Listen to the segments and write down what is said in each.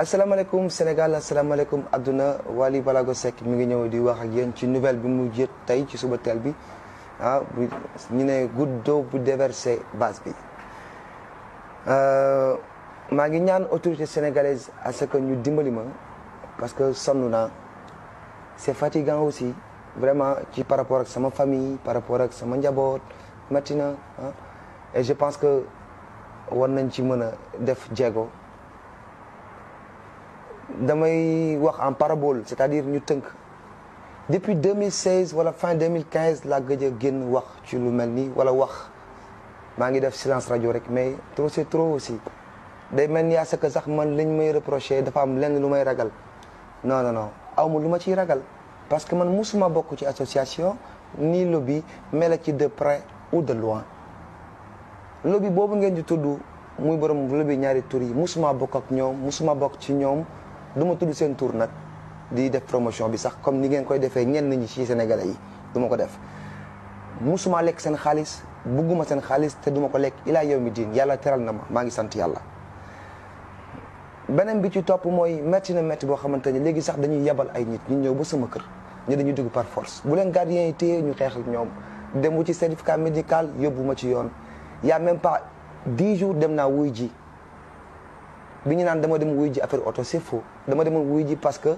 asalaamaaleykum Sénégal asalaamaaleykum àdduna Wally Balago Seck mu ngi ñëw di wax ak yéen ci nouvelle bi mu jët tey ci suba teel bi ah ñu ne goutte d'eau bu déversé base bi euh, maa ngi ñaan autorité sénégalaise à ce que ñu dimbali ma parce que sonn naa c'est fatigant aussi vraiment ci par rapport ak sama famille par rapport ak sama njaboot matina ah je pense que war nañ ci mën a def jéego. damay wax en parabole c'est-à-dire ñu tënk depuis 2016 wala fin 2015 laa gëj a génn wax ci lu mel nii wala wax maa ngi def silence rajo rek mais trop c'est trop aussi day mel ni à ce que sax man lañ may reproché dafa am lenn lu may ragal no non non aw awma lu ma ciy ragal parce que man musuma bokk ci association ni lobby mela ci de près ou de loin lobby boobu ngeen di tudd muy borom lobby ñaari tur yi musuma bokk ak ñoom musuma bokk ci ñoom du ma tudd seen tour nag di def promotion bi sax comme ni ngeen koy defee ñenn ñi ci Sénégalais yi duma ko def musuma lekk seen xaalis bugguma seen xaalis te duma ko lekk ilaa yow mi diin yàlla teral na ma maa ngi sant yàlla beneen bi ci topp mooy metti na métti boo xamante ni léegi sax dañuy yebal ay nit ñu ñëw ba sama kër ñu dañuy dugg par force bu leen gardien yi téye ñu xeex ak ñoom dem wu ci certificat médical yóbbu ma ci yoon y'a même pas dix jours dem naa wuy ji bi ñu naan dama dem wuy ji affaire oto c'est faux dama dem wuy ji parce que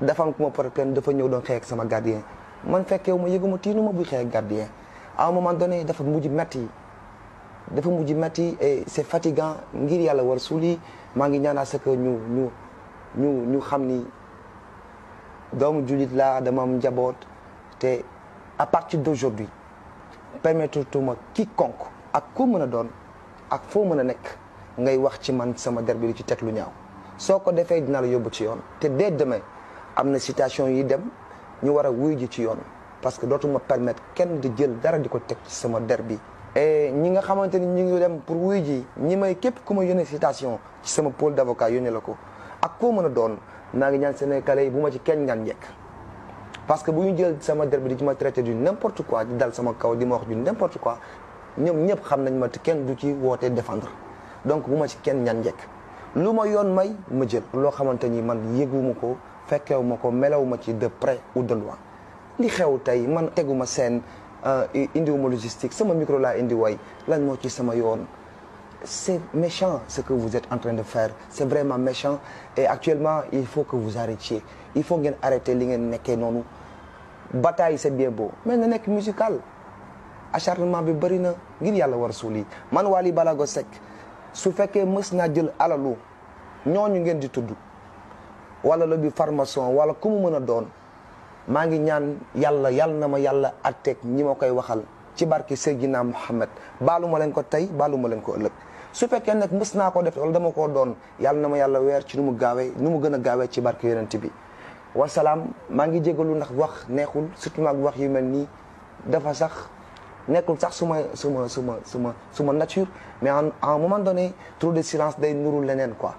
dafa am ku ma dafa ñëw doon xeex ak sama gardien man fekkee ma yëgu ma tiinu ma buy xeex ak gardien à un moment donné dafa mujj metti dafa mujj metti et c'est fatigant ngir yàlla war suuli maa ngi ñaana sa que ñu ñu ñu xam ni doomu jullit laa dama am njaboot te à partir d'aujourd'hui permettre tuma konk ak koo mën a doon ak foo mën a nekk ngay wax ci man sama der bi di ci teg lu ñaaw soo ko defee dina la yóbbu ci yoon te dee demain am na situation yi dem ñu war a wuy ji ci yoon parce que dootuma permettre kenn di jël dara di ko teg ci sama der bi et ñi nga xamante ni ñu ngi dem pour wuy ji ñi may képp ku ma yónnee citation ci sama pole d' avocat yónnee la ko ak koo mën a doon naa ngi ñaan Sénégalais yi bu ma ci kenn ñaan njëkk parce que bu ñu jël sama der bi di ci ma traité du n'importe quoi di dal sama kaw di ma wax du n'importe ñëpp xam nañ ma kenn du ci wootee défendre donc bu ma ci kenn ñan njëkk lu ma yoon may ma jël loo xamante ni man yëguma ko fekkewu ma ko melewu ma ci de près ou de loin li xew tey man teguma seen euh, indiwuma logistique sama micro laa indi way lan moo ci sama yoon c'est méchant ce que vous êtes en de fair c'est vraiment méchant et actuellement il faut que vous arrêtiez il faut ngeen arrêter li ngeen nekkee noonu bataille c'est bien boo mais na nekk musical acharnement bi bëri na ngir yàlla war suul yi man Wally Balago Seck su fekkee mës naa jël alalu ñooñu ngeen di tudd wala la bi formation wala ku mu mën a doon maa ngi ñaan yàlla yàlla na ma yàlla atteeg ñi ma koy waxal ci barke Seydina Muhammad baalu ma leen ko tey baalu ma leen ko ëllëg su fekkee nag mës naa ko def wala dama koo doon yàlla na ma yàlla weer ci nu mu gaawee nu mu gën a gaawee ci barke yonent bi wasalaam maa ngi jégalu ndax wax neexul surtout maag wax yu mel nii dafa sax nekkul sax suma suma suma suma suma nature mais à un moment donné trop de silence day nuru leneen quoi